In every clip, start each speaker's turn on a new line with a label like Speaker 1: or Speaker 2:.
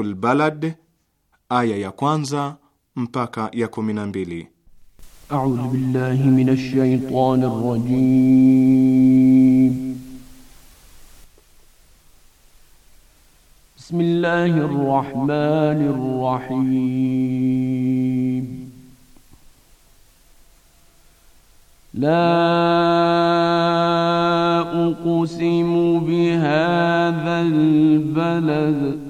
Speaker 1: Suratul Balad aya ya kwanza mpaka ya kumi na mbili.
Speaker 2: A'udhu billahi minash shaitanir rajim. Bismillahir rahmanir rahim. لا أقسم بهذا البلد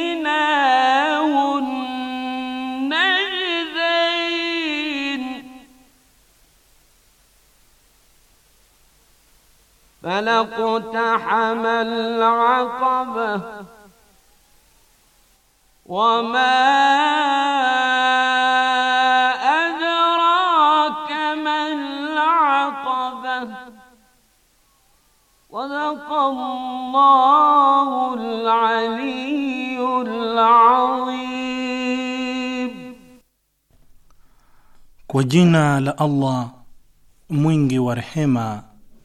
Speaker 2: فلقتحم العقبة وما أدراك ما العقبة صدق الله العلي
Speaker 1: العظيم kwa لألله مونجي ورحمه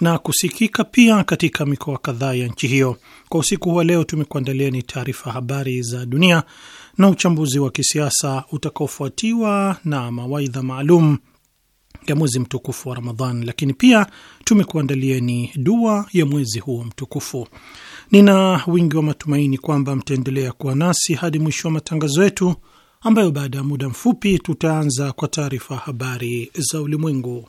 Speaker 3: na kusikika pia katika mikoa kadhaa ya nchi hiyo. Kwa usiku wa leo, tumekuandalia ni taarifa habari za dunia na uchambuzi wa kisiasa utakaofuatiwa na mawaidha maalum ya mwezi mtukufu wa Ramadhan, lakini pia tumekuandalia ni dua ya mwezi huo mtukufu. Nina wingi wa matumaini kwamba mtaendelea kuwa nasi hadi mwisho wa matangazo yetu, ambayo baada ya muda mfupi tutaanza kwa taarifa habari za ulimwengu.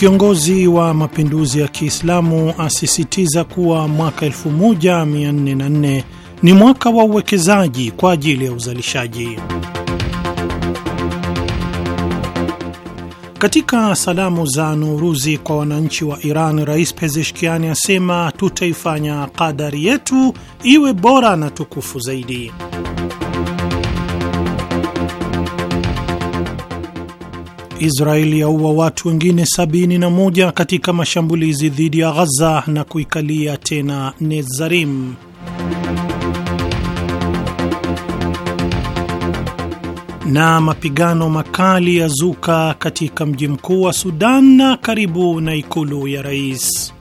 Speaker 3: Kiongozi wa mapinduzi ya Kiislamu asisitiza kuwa mwaka 1404 ni mwaka wa uwekezaji kwa ajili ya uzalishaji. Katika salamu za Nuruzi kwa wananchi wa Iran, Rais Pezeshkiani asema tutaifanya kadari yetu iwe bora na tukufu zaidi. Israeli yaua watu wengine 71 katika mashambulizi dhidi ya Ghaza na kuikalia tena Nezarim. Na mapigano makali ya zuka katika mji mkuu wa Sudan na karibu na ikulu ya rais.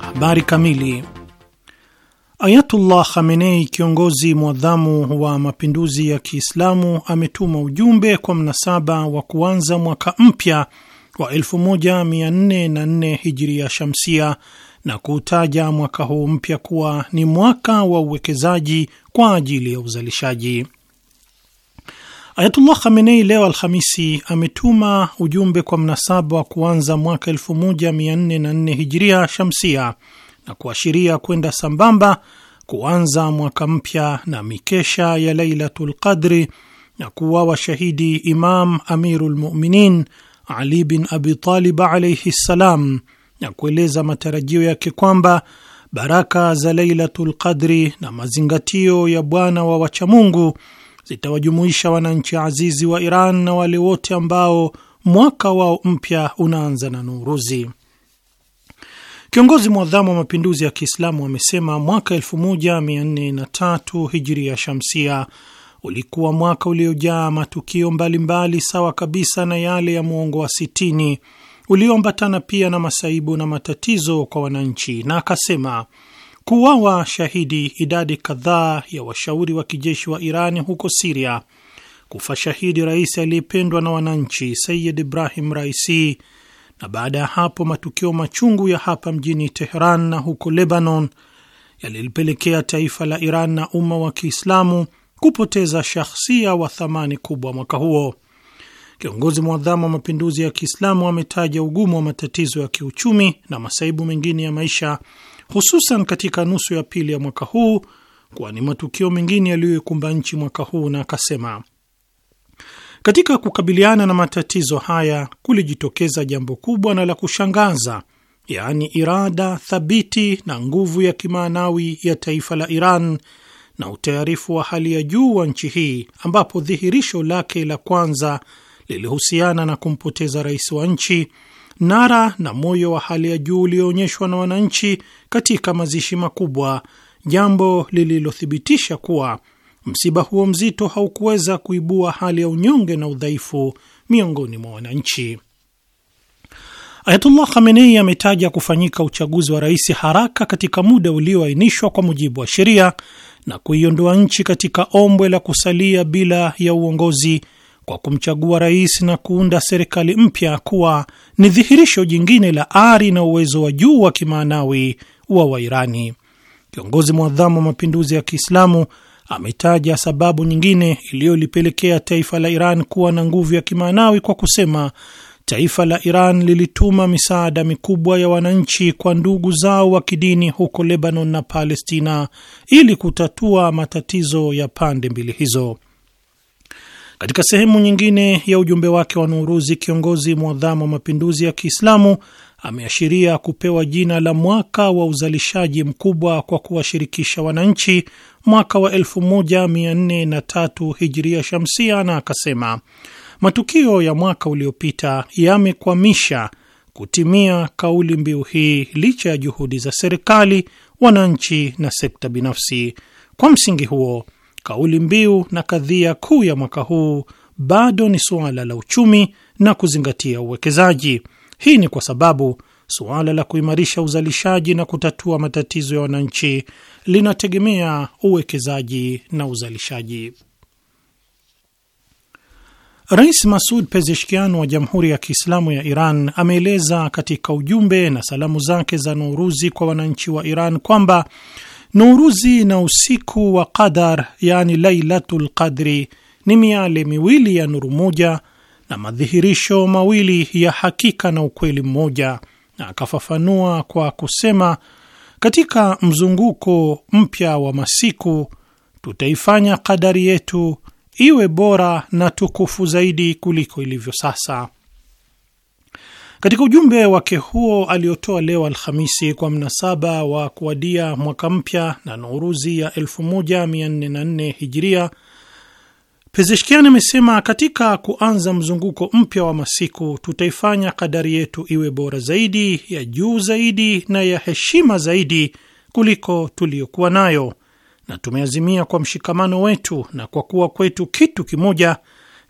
Speaker 3: Habari kamili Ayatullah Khamenei, kiongozi mwadhamu wa mapinduzi ya Kiislamu, ametuma ujumbe kwa mnasaba wa kuanza mwaka mpya wa 1404 hijiria shamsia na kuutaja mwaka huu mpya kuwa ni mwaka wa uwekezaji kwa ajili ya uzalishaji. Ayatullah Khamenei leo Alhamisi ametuma ujumbe kwa mnasaba wa kuanza mwaka 1404 hijiria shamsia na kuashiria kwenda sambamba kuanza mwaka mpya na mikesha ya Lailatu lqadri na kuwa washahidi Imam Amiru lmuminin Ali bin Abi alaihi ssalam, na kueleza matarajio yake kwamba baraka za Lailatu lqadri na mazingatio ya bwana wa wachamungu zitawajumuisha wananchi azizi wa Iran na wale wote ambao mwaka wao mpya unaanza na Nuruzi. Kiongozi mwadhamu wa mapinduzi ya Kiislamu amesema mwaka 1403 hijiria shamsia ulikuwa mwaka uliojaa matukio mbalimbali mbali sawa kabisa na yale ya mwongo wa 60 ulioambatana pia na masaibu na matatizo kwa wananchi, na akasema kuwawa shahidi idadi kadhaa ya washauri wa kijeshi wa irani huko Siria, kufa shahidi rais aliyependwa na wananchi sayid Ibrahim Raisi na baada ya hapo matukio machungu ya hapa mjini teheran na huko Lebanon yalilipelekea taifa la Iran na umma wa Kiislamu kupoteza shahsia wa thamani kubwa mwaka huo. Kiongozi mwadhamu wa mapinduzi ya Kiislamu ametaja ugumu wa matatizo ya kiuchumi na masaibu mengine ya maisha, hususan katika nusu ya pili ya mwaka huu, ni matukio mengine yaliyoikumba nchi mwaka huu, na akasema katika kukabiliana na matatizo haya kulijitokeza jambo kubwa na la kushangaza, yaani irada thabiti na nguvu ya kimaanawi ya taifa la Iran na utayarifu wa hali ya juu wa nchi hii, ambapo dhihirisho lake la kwanza lilihusiana na kumpoteza rais wa nchi, nara na moyo wa hali ya juu ulioonyeshwa na wananchi katika mazishi makubwa, jambo lililothibitisha kuwa msiba huo mzito haukuweza kuibua hali ya unyonge na udhaifu miongoni mwa wananchi. Ayatullah Khamenei ametaja kufanyika uchaguzi wa rais haraka katika muda ulioainishwa kwa mujibu wa sheria na kuiondoa nchi katika ombwe la kusalia bila ya uongozi kwa kumchagua rais na kuunda serikali mpya kuwa ni dhihirisho jingine la ari na uwezo wa juu wa kimaanawi wa Wairani. Kiongozi mwadhamu wa mapinduzi ya Kiislamu ametaja sababu nyingine iliyolipelekea taifa la Iran kuwa na nguvu ya kimaanawi kwa kusema taifa la Iran lilituma misaada mikubwa ya wananchi kwa ndugu zao wa kidini huko Lebanon na Palestina ili kutatua matatizo ya pande mbili hizo. Katika sehemu nyingine ya ujumbe wake wa Nuruzi, kiongozi mwadhamu wa mapinduzi ya Kiislamu ameashiria kupewa jina la mwaka wa uzalishaji mkubwa kwa kuwashirikisha wananchi mwaka wa 1403 Hijria Shamsia, na akasema matukio ya mwaka uliopita yamekwamisha kutimia kauli mbiu hii licha ya juhudi za serikali, wananchi na sekta binafsi. Kwa msingi huo, kauli mbiu na kadhia kuu ya mwaka huu bado ni suala la uchumi na kuzingatia uwekezaji. Hii ni kwa sababu suala la kuimarisha uzalishaji na kutatua matatizo ya wananchi linategemea uwekezaji na uzalishaji. Rais Masud Pezeshkian wa Jamhuri ya Kiislamu ya Iran ameeleza katika ujumbe na salamu zake za Nouruzi kwa wananchi wa Iran kwamba Nouruzi na usiku wa Qadar, yani Lailatul Qadri, ni miale miwili ya nuru moja na madhihirisho mawili ya hakika na ukweli mmoja, na akafafanua kwa kusema, katika mzunguko mpya wa masiku tutaifanya kadari yetu iwe bora na tukufu zaidi kuliko ilivyo sasa. Katika ujumbe wake huo aliotoa leo Alhamisi kwa mnasaba wa kuadia mwaka mpya na Nuruzi ya 1404 Hijiria, Pezeshkian amesema katika kuanza mzunguko mpya wa masiku tutaifanya kadari yetu iwe bora zaidi, ya juu zaidi na ya heshima zaidi kuliko tuliyokuwa nayo, na tumeazimia kwa mshikamano wetu na kwa kuwa kwetu kitu kimoja,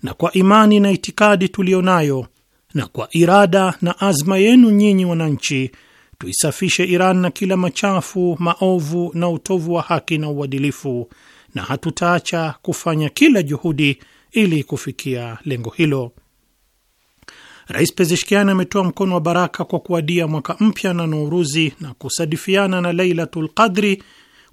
Speaker 3: na kwa imani na itikadi tuliyonayo, na kwa irada na azma yenu nyinyi wananchi, tuisafishe Iran na kila machafu, maovu na utovu wa haki na uadilifu na hatutaacha kufanya kila juhudi ili kufikia lengo hilo. Rais Pezeshkian ametoa mkono wa baraka kwa kuadia mwaka mpya na Nouruzi na kusadifiana na Lailatul Qadri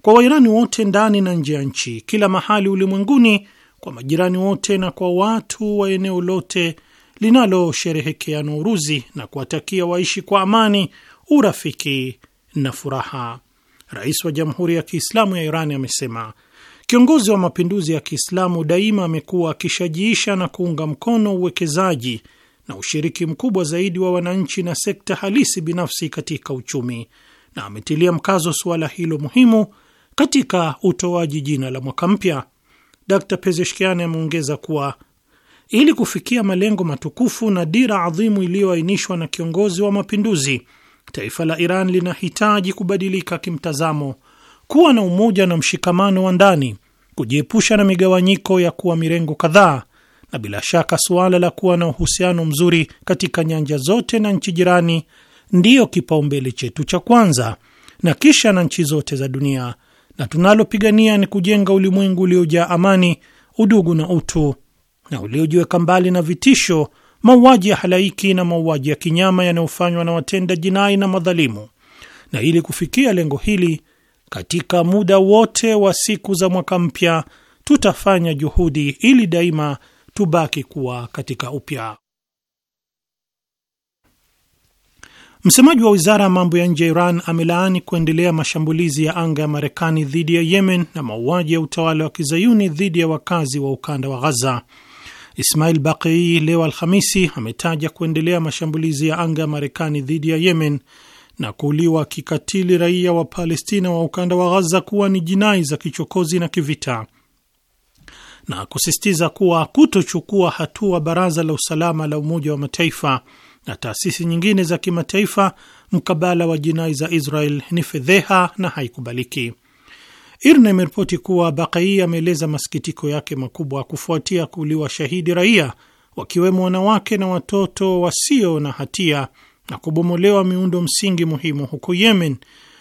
Speaker 3: kwa Wairani wote ndani na nje ya nchi, kila mahali ulimwenguni, kwa majirani wote na kwa watu wa eneo lote linalosherehekea Nouruzi na kuwatakia waishi kwa amani, urafiki na furaha. Rais wa Jamhuri ya Kiislamu ya Irani amesema Kiongozi wa mapinduzi ya Kiislamu daima amekuwa akishajiisha na kuunga mkono uwekezaji na ushiriki mkubwa zaidi wa wananchi na sekta halisi binafsi katika uchumi, na ametilia mkazo suala hilo muhimu katika utoaji jina la mwaka mpya. Dr Pezeshkian ameongeza kuwa ili kufikia malengo matukufu na dira adhimu iliyoainishwa na kiongozi wa mapinduzi, taifa la Iran linahitaji kubadilika kimtazamo kuwa na umoja na mshikamano wa ndani, kujiepusha na migawanyiko ya kuwa mirengo kadhaa, na bila shaka suala la kuwa na uhusiano mzuri katika nyanja zote na nchi jirani ndiyo kipaumbele chetu cha kwanza, na kisha na nchi zote za dunia, na tunalopigania ni kujenga ulimwengu uliojaa amani, udugu na utu, na uliojiweka mbali na vitisho, mauaji ya halaiki na mauaji ya kinyama yanayofanywa na watenda jinai na madhalimu. Na ili kufikia lengo hili katika muda wote wa siku za mwaka mpya tutafanya juhudi ili daima tubaki kuwa katika upya. Msemaji wa wizara ya mambo ya nje ya Iran amelaani kuendelea mashambulizi ya anga ya Marekani dhidi ya Yemen na mauaji ya utawala wa kizayuni dhidi ya wakazi wa ukanda wa Ghaza. Ismail Baqii leo Alhamisi ametaja kuendelea mashambulizi ya anga ya Marekani dhidi ya Yemen na kuuliwa kikatili raia wa Palestina wa ukanda wa Ghaza kuwa ni jinai za kichokozi na kivita na kusisitiza kuwa kutochukua hatua Baraza la Usalama la Umoja wa Mataifa na taasisi nyingine za kimataifa mkabala wa jinai za Israel ni fedheha na haikubaliki. IRNA imeripoti kuwa Bakai ameeleza masikitiko yake makubwa kufuatia kuuliwa shahidi raia wakiwemo wanawake na watoto wasio na hatia na kubomolewa miundo msingi muhimu huko Yemen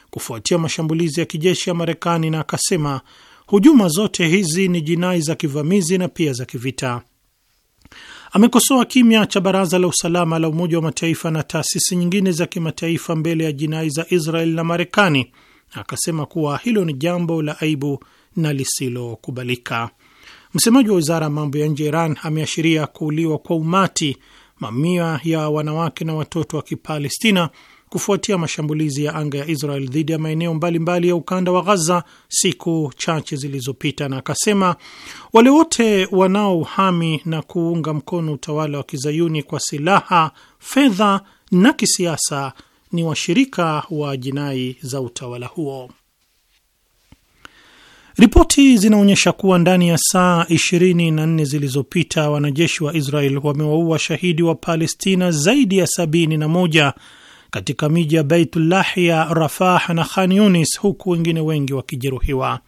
Speaker 3: kufuatia mashambulizi ya kijeshi ya Marekani, na akasema hujuma zote hizi ni jinai za kivamizi na pia za kivita. Amekosoa kimya cha Baraza la Usalama la Umoja wa Mataifa na taasisi nyingine za kimataifa mbele ya jinai za Israel na Marekani, na akasema kuwa hilo ni jambo la aibu na lisilokubalika. Msemaji wa wizara ya mambo ya nje ya Iran ameashiria kuuliwa kwa umati mamia ya wanawake na watoto wa Kipalestina kufuatia mashambulizi ya anga ya Israel dhidi ya maeneo mbalimbali ya ukanda wa Ghaza siku chache zilizopita, na akasema wale wote wanaouhami na kuunga mkono utawala wa kizayuni kwa silaha, fedha na kisiasa ni washirika wa jinai za utawala huo. Ripoti zinaonyesha kuwa ndani ya saa 24 zilizopita wanajeshi wa Israel wamewaua shahidi wa Palestina zaidi ya 71 katika miji ya ya Rafah na Khan Yunis, huku wengine wengi wakijeruhiwa.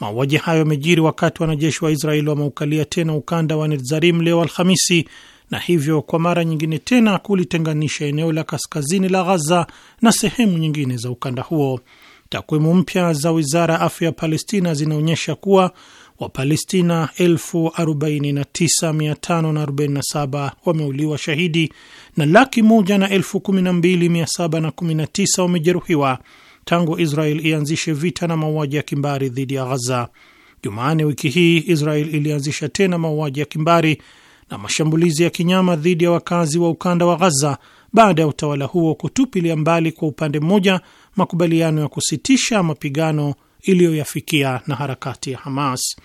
Speaker 3: Mauaji hayo yamejiri wakati wanajeshi wa Israel wameukalia tena ukanda wa Netzarim leo Alhamisi, na hivyo kwa mara nyingine tena kulitenganisha eneo la kaskazini la Ghaza na sehemu nyingine za ukanda huo. Takwimu mpya za wizara ya afya ya Palestina zinaonyesha kuwa Wapalestina 49547 wameuliwa shahidi na laki moja na 12719 wamejeruhiwa tangu Israel ianzishe vita na mauaji ya kimbari dhidi ya Ghaza. Jumane wiki hii Israel ilianzisha tena mauaji ya kimbari na mashambulizi ya kinyama dhidi ya wakazi wa ukanda wa Ghaza baada ya utawala huo kutupilia mbali kwa upande mmoja makubaliano ya kusitisha mapigano iliyoyafikia na harakati ya Hamas.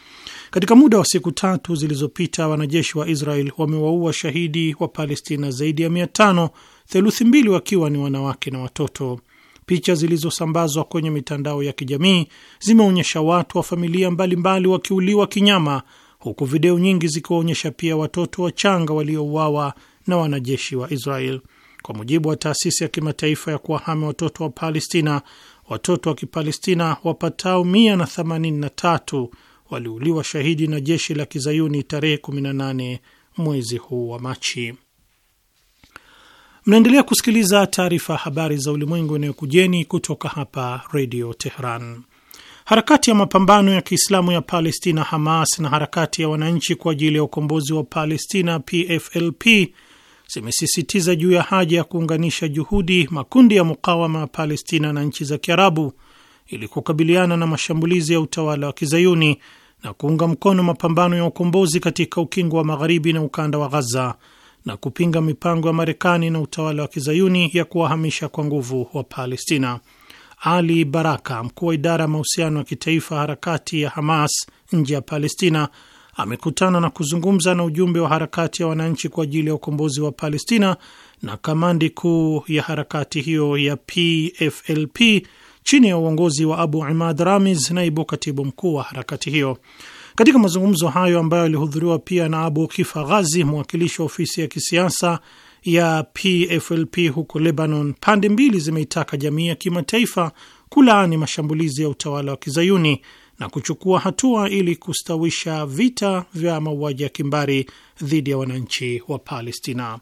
Speaker 3: Katika muda wa siku tatu zilizopita, wanajeshi wa Israel wamewaua shahidi wa Palestina zaidi ya mia tano, theluthi mbili wakiwa ni wanawake na watoto. Picha zilizosambazwa kwenye mitandao ya kijamii zimeonyesha watu wa familia mbalimbali wakiuliwa kinyama, huku video nyingi zikiwaonyesha pia watoto wachanga waliouawa na wanajeshi wa Israel. Kwa mujibu wa taasisi ya kimataifa ya kuwahami watoto wa Palestina, watoto wa Kipalestina wapatao 183 waliuliwa shahidi na jeshi la kizayuni tarehe 18 mwezi huu wa Machi. Mnaendelea kusikiliza taarifa ya habari za ulimwengu inayokujeni kutoka hapa Redio Teheran. Harakati ya mapambano ya Kiislamu ya Palestina, Hamas, na harakati ya wananchi kwa ajili ya ukombozi wa Palestina, PFLP, zimesisitiza juu ya haja ya kuunganisha juhudi makundi ya mukawama ya Palestina na nchi za Kiarabu ili kukabiliana na mashambulizi ya utawala wa kizayuni na kuunga mkono mapambano ya ukombozi katika ukingo wa magharibi na ukanda wa Ghaza na kupinga mipango ya Marekani na utawala wa kizayuni ya kuwahamisha kwa nguvu wa Palestina. Ali Baraka, mkuu wa idara ya mahusiano ya kitaifa harakati ya Hamas nje ya Palestina, amekutana na kuzungumza na ujumbe wa harakati ya wananchi kwa ajili ya ukombozi wa Palestina na kamandi kuu ya harakati hiyo ya PFLP chini ya uongozi wa Abu Imad Ramiz, naibu katibu mkuu wa harakati hiyo. Katika mazungumzo hayo ambayo alihudhuriwa pia na Abu Kifa Ghazi, mwakilishi wa ofisi ya kisiasa ya PFLP huko Lebanon, pande mbili zimeitaka jamii ya kimataifa kulaani mashambulizi ya utawala wa kizayuni na kuchukua hatua ili kustawisha vita vya mauaji ya kimbari dhidi ya wananchi wa Palestina.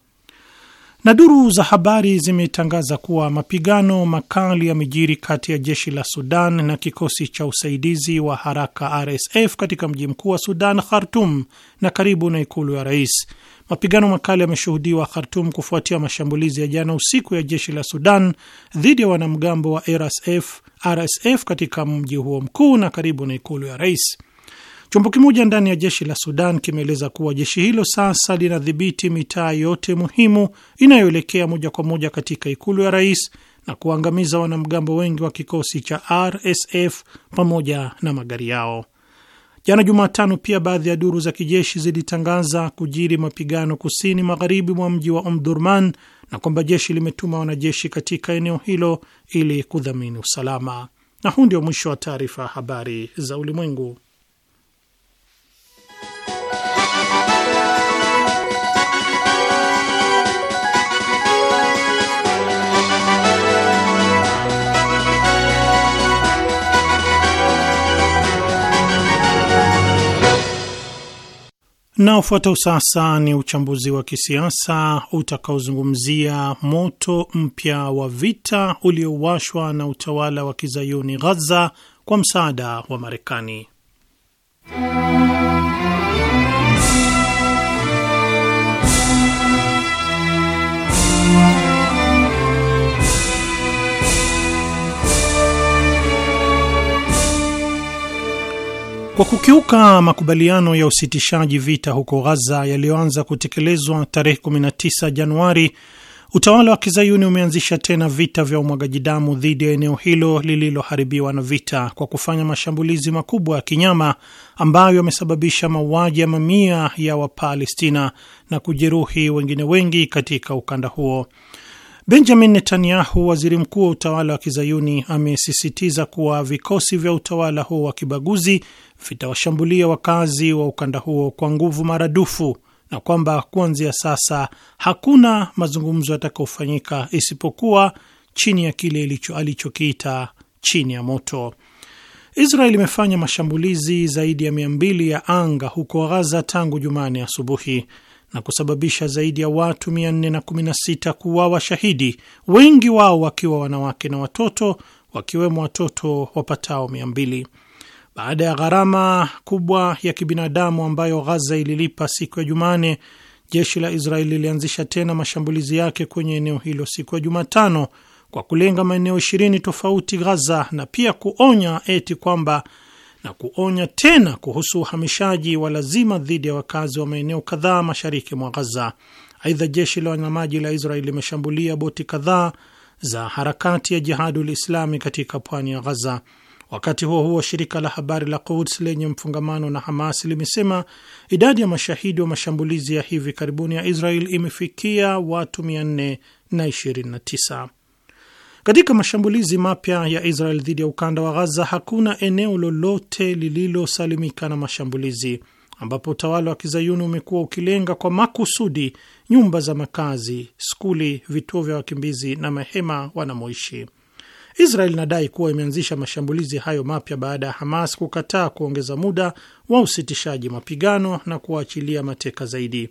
Speaker 3: Na duru za habari zimetangaza kuwa mapigano makali yamejiri kati ya jeshi la Sudan na kikosi cha usaidizi wa haraka RSF katika mji mkuu wa Sudan, Khartum, na karibu na ikulu ya rais. Mapigano makali yameshuhudiwa Khartum kufuatia mashambulizi ya jana usiku ya jeshi la Sudan dhidi ya wanamgambo wa RSF, RSF katika mji huo mkuu na karibu na ikulu ya rais. Chombo kimoja ndani ya jeshi la Sudan kimeeleza kuwa jeshi hilo sasa linadhibiti mitaa yote muhimu inayoelekea moja kwa moja katika ikulu ya rais na kuangamiza wanamgambo wengi wa kikosi cha RSF pamoja na magari yao. Jana Jumatano pia baadhi ya duru za kijeshi zilitangaza kujiri mapigano kusini magharibi mwa mji wa Omdurman na kwamba jeshi limetuma wanajeshi katika eneo hilo ili kudhamini usalama. Na huu ndio mwisho wa taarifa ya habari za ulimwengu. Na ufuatao sasa ni uchambuzi wa kisiasa utakaozungumzia moto mpya wa vita uliowashwa na utawala wa kizayuni Ghaza kwa msaada wa Marekani. kwa kukiuka makubaliano ya usitishaji vita huko Ghaza yaliyoanza kutekelezwa tarehe 19 Januari, utawala wa kizayuni umeanzisha tena vita vya umwagaji damu dhidi ya eneo hilo lililoharibiwa na vita kwa kufanya mashambulizi makubwa ya kinyama ambayo yamesababisha mauaji ya mamia ya Wapalestina na kujeruhi wengine wengi katika ukanda huo. Benjamin Netanyahu, waziri mkuu wa utawala wa kizayuni, amesisitiza kuwa vikosi vya utawala huo wa kibaguzi vitawashambulia wakazi wa ukanda huo kwa nguvu maradufu na kwamba kuanzia sasa hakuna mazungumzo yatakayofanyika isipokuwa chini ya kile alichokiita chini ya moto. Israel imefanya mashambulizi zaidi ya mia mbili ya anga huko Ghaza tangu Jumane asubuhi na kusababisha zaidi ya watu 416 kuwa washahidi, wengi wao wakiwa wanawake na watoto, wakiwemo watoto wapatao 200. Baada ya gharama kubwa ya kibinadamu ambayo Ghaza ililipa siku ya Jumane, jeshi la Israeli lilianzisha tena mashambulizi yake kwenye eneo hilo siku ya Jumatano kwa kulenga maeneo 20 tofauti Ghaza na pia kuonya eti kwamba na kuonya tena kuhusu uhamishaji wa lazima dhidi ya wakazi wa maeneo kadhaa mashariki mwa Ghaza. Aidha, jeshi la wanamaji la israel limeshambulia boti kadhaa za harakati ya Jihadul Islami katika pwani ya Ghaza. Wakati huo huo, shirika la habari la Quds lenye mfungamano na Hamas limesema idadi ya mashahidi wa mashambulizi ya hivi karibuni ya Israel imefikia watu 429. Katika mashambulizi mapya ya Israel dhidi ya ukanda wa Ghaza, hakuna eneo lolote lililosalimika na mashambulizi, ambapo utawala wa kizayuni umekuwa ukilenga kwa makusudi nyumba za makazi, skuli, vituo vya wakimbizi na mahema wanamoishi. Israel inadai kuwa imeanzisha mashambulizi hayo mapya baada ya Hamas kukataa kuongeza muda wa usitishaji mapigano na kuwaachilia mateka zaidi.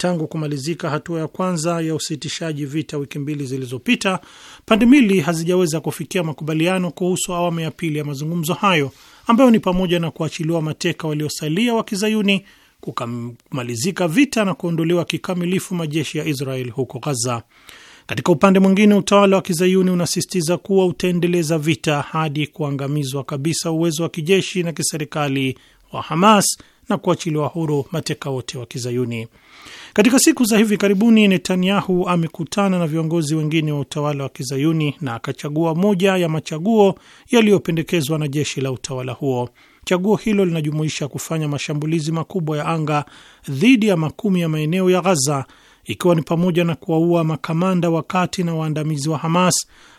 Speaker 3: Tangu kumalizika hatua ya kwanza ya usitishaji vita wiki mbili zilizopita, pande mbili hazijaweza kufikia makubaliano kuhusu awamu ya pili ya mazungumzo hayo ambayo ni pamoja na kuachiliwa mateka waliosalia wa Kizayuni, kukamalizika vita na kuondolewa kikamilifu majeshi ya Israel huko Gaza. Katika upande mwingine, utawala wa Kizayuni unasisitiza kuwa utaendeleza vita hadi kuangamizwa kabisa uwezo wa kijeshi na kiserikali wa Hamas na kuachiliwa huru mateka wote wa Kizayuni. Katika siku za hivi karibuni, Netanyahu amekutana na viongozi wengine wa utawala wa kizayuni na akachagua moja ya machaguo yaliyopendekezwa na jeshi la utawala huo. Chaguo hilo linajumuisha kufanya mashambulizi makubwa ya anga dhidi ya makumi ya maeneo ya Ghaza, ikiwa ni pamoja na kuwaua makamanda wakati na waandamizi wa Hamas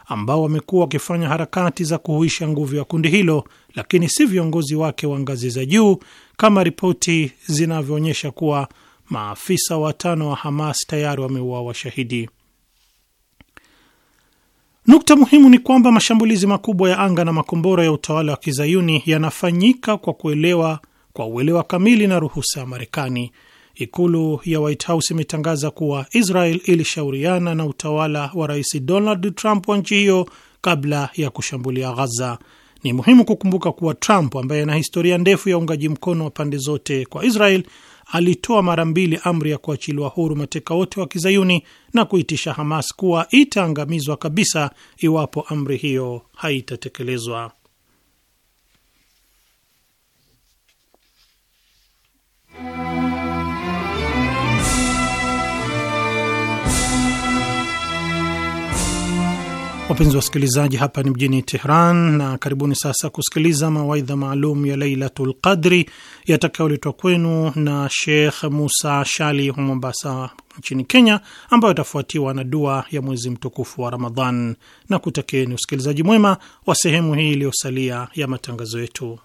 Speaker 3: ambao wamekuwa wakifanya harakati za kuhuisha nguvu ya kundi hilo, lakini si viongozi wake wa ngazi za juu, kama ripoti zinavyoonyesha kuwa maafisa watano wa Hamas tayari wameuawa washahidi Nukta muhimu ni kwamba mashambulizi makubwa ya anga na makombora ya utawala wa kizayuni yanafanyika kwa kuelewa kwa uelewa kamili na ruhusa ya Marekani. Ikulu ya White House imetangaza kuwa Israel ilishauriana na utawala wa Rais Donald Trump wa nchi hiyo kabla ya kushambulia Ghaza. Ni muhimu kukumbuka kuwa Trump ambaye ana historia ndefu ya uungaji mkono wa pande zote kwa Israel alitoa mara mbili amri ya kuachiliwa huru mateka wote wa kizayuni na kuitisha Hamas kuwa itaangamizwa kabisa iwapo amri hiyo haitatekelezwa. Wapenzi wa wasikilizaji, hapa ni mjini Tehran na karibuni sasa kusikiliza mawaidha maalum ya Lailatu lqadri yatakayoletwa kwenu na Shekh Musa Shali wa Mombasa nchini Kenya, ambayo itafuatiwa na dua ya mwezi mtukufu wa Ramadhan na kutakieni usikilizaji mwema wa sehemu hii iliyosalia ya matangazo yetu.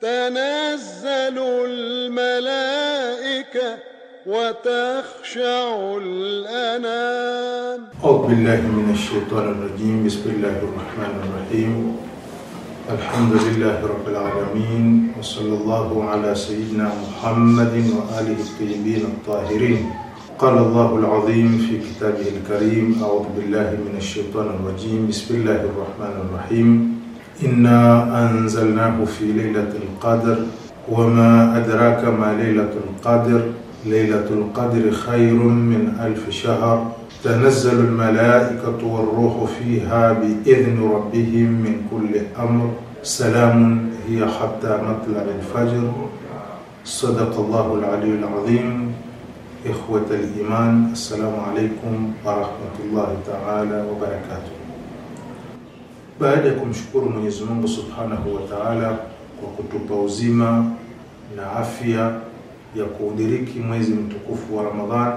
Speaker 2: تنزل الملائكة
Speaker 4: وتخشع الأنام أعوذ بالله من الشيطان الرجيم بسم الله الرحمن الرحيم الحمد لله رب العالمين وصلى الله على سيدنا محمد وآله الطيبين الطاهرين قال الله العظيم في كتابه الكريم أعوذ بالله من الشيطان الرجيم بسم الله الرحمن الرحيم إنا أنزلناه في ليلة القدر وما أدراك ما ليلة القدر ليلة القدر خير من ألف شهر تنزل الملائكة والروح فيها بإذن ربهم من كل أمر سلام هي حتى مطلع الفجر صدق الله العلي العظيم إخوة الإيمان السلام عليكم ورحمة الله تعالى وبركاته Baada ya kumshukuru Mwenyezi Mungu Subhanahu wa Ta'ala kwa kutupa uzima na afya ya kuudiriki mwezi mtukufu wa Ramadhan,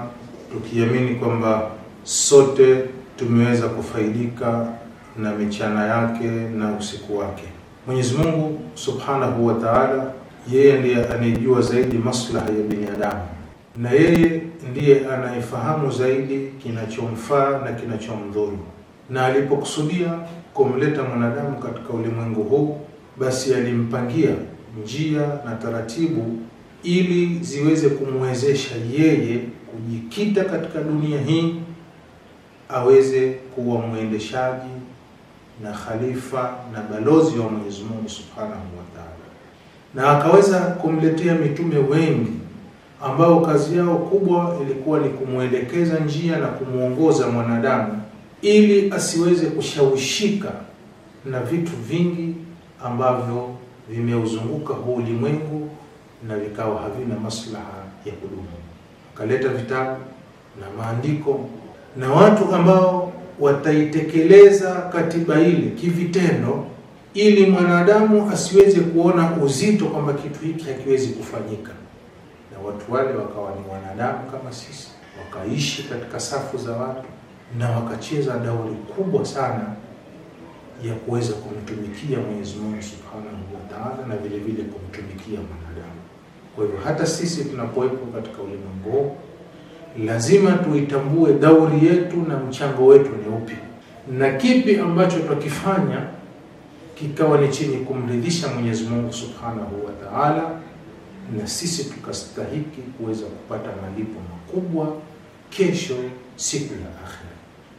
Speaker 4: tukiamini kwamba sote tumeweza kufaidika na michana yake na usiku wake. Mwenyezi Mungu Subhanahu wa Ta'ala yeye ndiye anayejua zaidi maslaha ya binadamu na yeye ndiye anayefahamu zaidi kinachomfaa na kinachomdhuru, na alipokusudia kumleta mwanadamu katika ulimwengu huu, basi alimpangia njia na taratibu ili ziweze kumwezesha yeye kujikita katika dunia hii aweze kuwa mwendeshaji na khalifa na balozi wa Mwenyezi Mungu Subhanahu wa Ta'ala, na akaweza kumletea mitume wengi ambao kazi yao kubwa ilikuwa ni kumwelekeza njia na kumwongoza mwanadamu ili asiweze kushawishika na vitu vingi ambavyo vimeuzunguka huu ulimwengu na vikawa havina maslaha ya kudumu. Akaleta vitabu na maandiko na watu ambao wataitekeleza katiba ile kivitendo, ili mwanadamu asiweze kuona uzito kwamba kitu hiki hakiwezi kufanyika. Na watu wale wakawa ni wanadamu kama sisi, wakaishi katika safu za watu na wakacheza dauri kubwa sana ya kuweza kumtumikia Mwenyezi Mungu Subhanahu wa Ta'ala na vile vile kumtumikia mwanadamu. Kwa hivyo hata sisi tunapowepo katika ulimwengu lazima tuitambue dauri yetu na mchango wetu ni upi na kipi ambacho twakifanya kikawa ni chenye kumridhisha Mwenyezi Mungu Subhanahu wa Ta'ala, na sisi tukastahiki kuweza kupata malipo makubwa kesho siku ya akhira.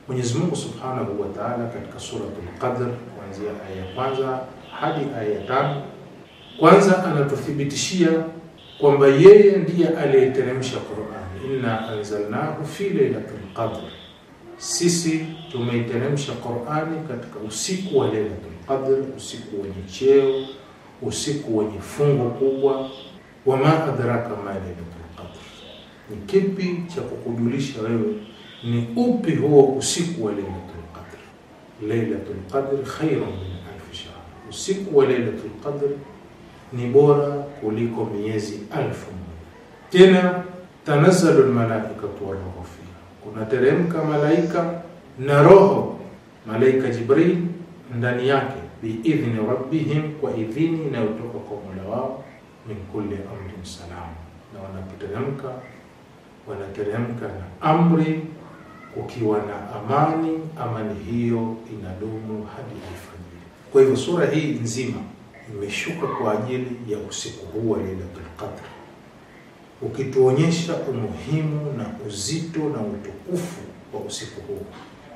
Speaker 4: Mwenyezi Mungu Subhanahu wa Ta'ala katika suratul Qadr kuanzia aya ya kwanza hadi aya ya tano. Kwanza anatuthibitishia kwamba yeye ndiye aliyeteremsha Qur'an, inna anzalnahu fi lailatul qadr, sisi tumeiteremsha Qur'ani katika usiku wa lailatul qadr, usiku wenye cheo, usiku wenye fungo kubwa. Wama adraka ma lailatul qadr, ni kipi cha kukujulisha wewe ni upi huo usiku wa Lailatul Qadr. Lailatul Qadr khairun min alf shahr, usiku wa Lailatul Qadr ni bora kuliko miezi alfu moja. Tena tanazzalu almalaikatu waruhu fiha, kunateremka malaika na roho, malaika Jibril ndani yake, biidhni rabbihim, kwa idhini inayotoka kwa mola wao, min kulli amrin salam, na wanapoteremka wanateremka na amri kukiwa na amani, amani hiyo inadumu hadi alfajiri. Kwa hivyo sura hii nzima imeshuka kwa ajili ya usiku huu wa Lailatul Qadr, ukituonyesha umuhimu na uzito na utukufu wa usiku huu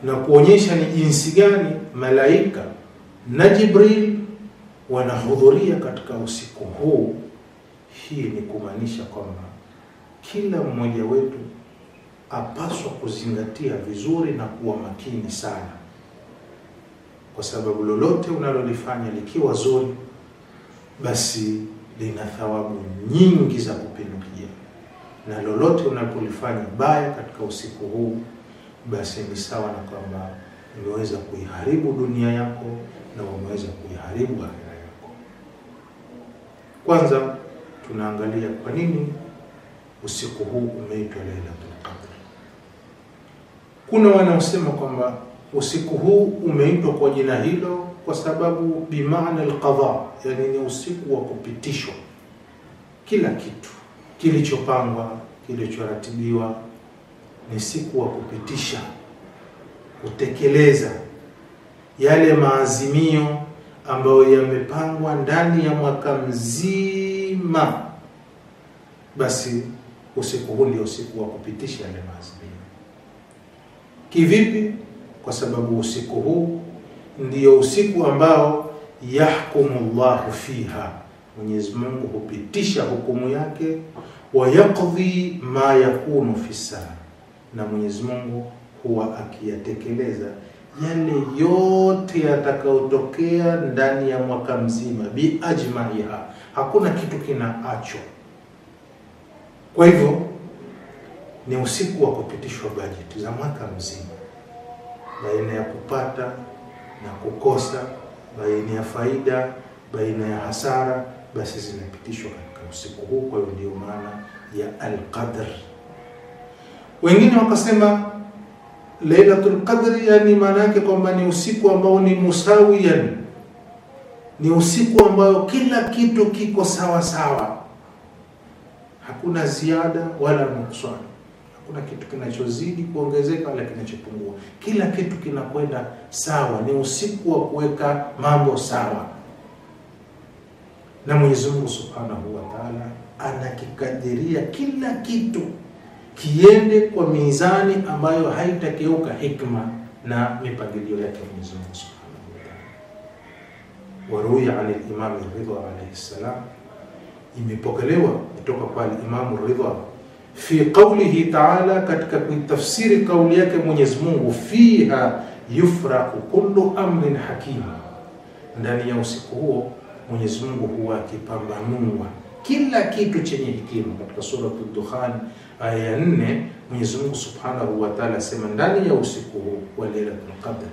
Speaker 4: na kuonyesha ni jinsi gani malaika na Jibril wanahudhuria katika usiku huu. Hii ni kumaanisha kwamba kila mmoja wetu apaswa kuzingatia vizuri na kuwa makini sana, kwa sababu lolote unalolifanya likiwa zuri, basi lina thawabu nyingi za kupindukia, na lolote unapolifanya baya katika usiku huu, basi ni sawa na kwamba umeweza kuiharibu dunia yako na umeweza kuiharibu akhera yako. Kwanza tunaangalia kwa nini usiku huu umeitwa Lailatul kuna wanaosema kwamba usiku huu umeitwa kwa jina hilo kwa sababu bimana lqadha yani ni usiku wa kupitishwa kila kitu kilichopangwa, kilichoratibiwa, ni siku wa kupitisha, kutekeleza yale maazimio ambayo yamepangwa ndani ya mwaka mzima. Basi usiku huu ndio usiku wa kupitisha yale maazimio. Kivipi? Kwa sababu usiku huu ndiyo usiku ambao yahkumu llahu fiha, Mwenyezi Mungu hupitisha hukumu yake, wayaqdhi ma yakunu fi saa, na Mwenyezi Mungu huwa akiyatekeleza yale yote yatakayotokea ndani ya mwaka mzima, biajmaiha, hakuna kitu kinaachwa. Kwa hivyo ni usiku wa kupitishwa bajeti za mwaka mzima, baina ya kupata na kukosa, baina ya faida, baina ya hasara, basi zinapitishwa katika usiku huu. Kwa hiyo ndio maana ya Alqadr. Wengine wakasema Lailatul Qadri, yani maana yake kwamba ni usiku ambao ni musawiyan, ni usiku ambao kila kitu kiko sawa sawa, hakuna ziada wala nuksani kuna kitu kinachozidi kuongezeka wala kinachopungua. Kila kitu kinakwenda sawa, ni usiku wa kuweka mambo sawa, na Mwenyezi Mungu Subhanahu wa Ta'ala anakikadiria kila kitu kiende kwa mizani ambayo haitakiuka hikma na mipangilio yake Mwenyezi Mungu Subhanahu wa Ta'ala. Waruya an al-Imam Ridha alayhi salam, imepokelewa kutoka kwa Imam Ridha fi qawlihi taala, katika kuitafsiri kauli yake Mwenyezi Mungu, fiha yufraku kullu amrin hakim, ndani ya usiku huo Mwenyezi Mungu huwa akipambanua kila kitu chenye hikima. Katika sura Ad-Dukhan aya ya 4, Mwenyezi Mungu Subhanahu wa Ta'ala asema ndani ya usiku huo wa Lailatul Qadr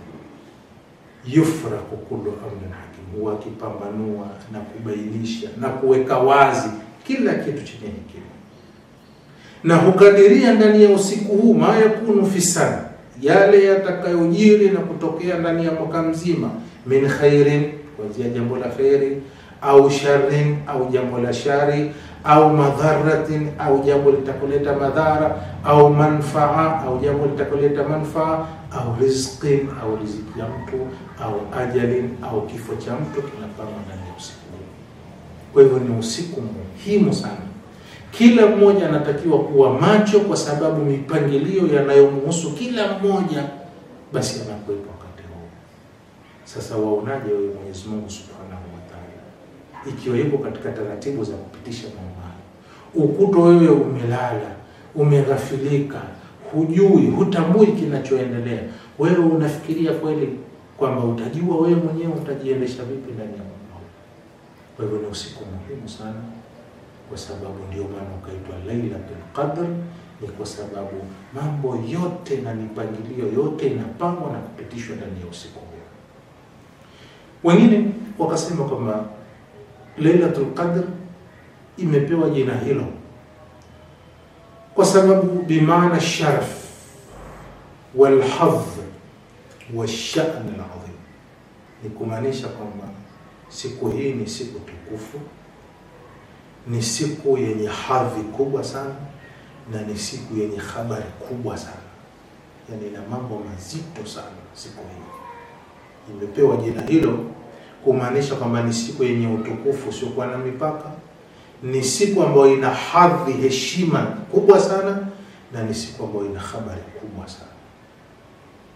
Speaker 4: yufraku kullu amrin hakim, huwa akipambanua na kubainisha na kuweka wazi kila kitu chenye hikima na hukadiria ndani ya usiku huu ma yakunu fisana, yale yatakayojiri na kutokea ndani ya mwaka mzima, min khairin, kuanzia jambo la kheri, au sharrin, au jambo la shari, au madharatin, au jambo litakuleta madhara, au manfaa, au jambo litakuleta manfaa, au rizqin, au riziki ya mtu, au ajalin, au kifo cha mtu kinapangwa ndani ya usiku huu. Kwa hivyo ni usiku muhimu sana kila mmoja anatakiwa kuwa macho, kwa sababu mipangilio yanayomhusu kila mmoja basi yanakuwepo wakati huo. Sasa waonaje wewe Mwenyezi Mungu Subhanahu wa Ta'ala, ikiwa yuko katika taratibu za kupitisha mambo ukuto wewe umelala, umeghafilika, hujui, hutambui kinachoendelea, wewe unafikiria kweli kwamba utajua wewe mwenyewe utajiendesha vipi ndani ya mambo? Kwa hivyo ni usiku muhimu sana kwa sababu ndio maana ukaitwa Lailatul Qadr, ni kwa sababu mambo yote na mipangilio yote inapangwa na kupitishwa ndani ya usiku huo. Wengine wakasema kwamba Lailatul Qadr imepewa jina hilo kwa sababu bimaana sharaf walhadh washan ladhim ni kumaanisha kwamba siku hii ni siku tukufu ni siku yenye hadhi kubwa sana na ni siku yenye habari kubwa sana, yaani ina mambo mazito sana siku hii. Imepewa jina hilo kumaanisha kwamba ni siku yenye utukufu usiokuwa na mipaka, ni siku ambayo ina hadhi, heshima kubwa sana, na ni siku ambayo ina habari kubwa sana.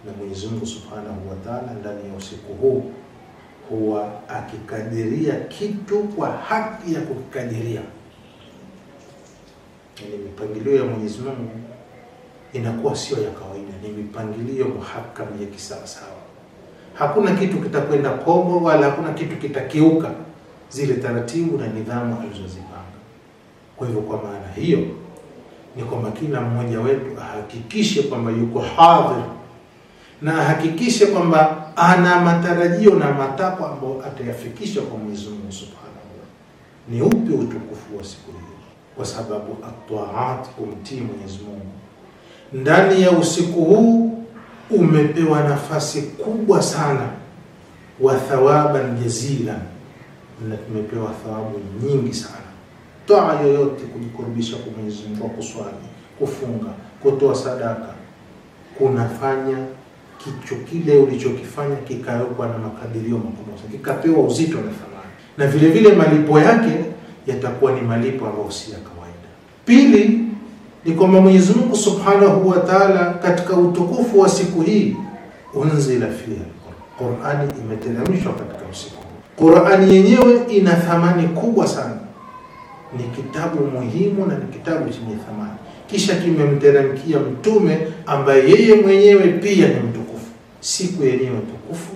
Speaker 4: Na Mwenyezi Mungu Subhanahu wa Ta'ala ndani ya usiku huu huwa akikadiria kitu kwa haki ya kukikadiria. Ni yaani mipangilio ya Mwenyezi Mungu inakuwa sio ya kawaida, ni mipangilio muhakam ya kisawasawa. Hakuna kitu kitakwenda pomo, wala hakuna kitu kitakiuka zile taratibu na nidhamu alizozipanga. Kwa hivyo, kwa maana hiyo ni kwamba kila mmoja wetu ahakikishe kwamba yuko hadhir na ahakikishe kwamba ana matarajio na matakwa ambayo atayafikisha kwa Mwenyezi Mungu Subhanahu wa ni upi utukufu wa siku hiyo, kwa sababu ataat, kumtii Mwenyezi Mungu ndani ya usiku huu umepewa nafasi kubwa sana wa thawaban jazila, na tumepewa thawabu nyingi sana. Toa yoyote kujikurubisha kwa Mwenyezi Mungu, kuswali, kufunga, kutoa sadaka kunafanya kicho kile ulichokifanya kikawekwa na makadirio makubwa, kikapewa uzito na thamani, na vile vile malipo yake yatakuwa ni malipo ambayo si ya kawaida. Pili ni kwamba Mwenyezi Mungu Subhanahu wa Ta'ala, katika utukufu wa siku hii, unzila fiha Qur'ani, imeteremshwa katika usiku Qur'ani yenyewe ina thamani kubwa sana, ni kitabu muhimu na ni kitabu chenye thamani, kisha kimemteremkia mtume ambaye yeye mwenyewe pia ni mtume siku yenyewe tukufu,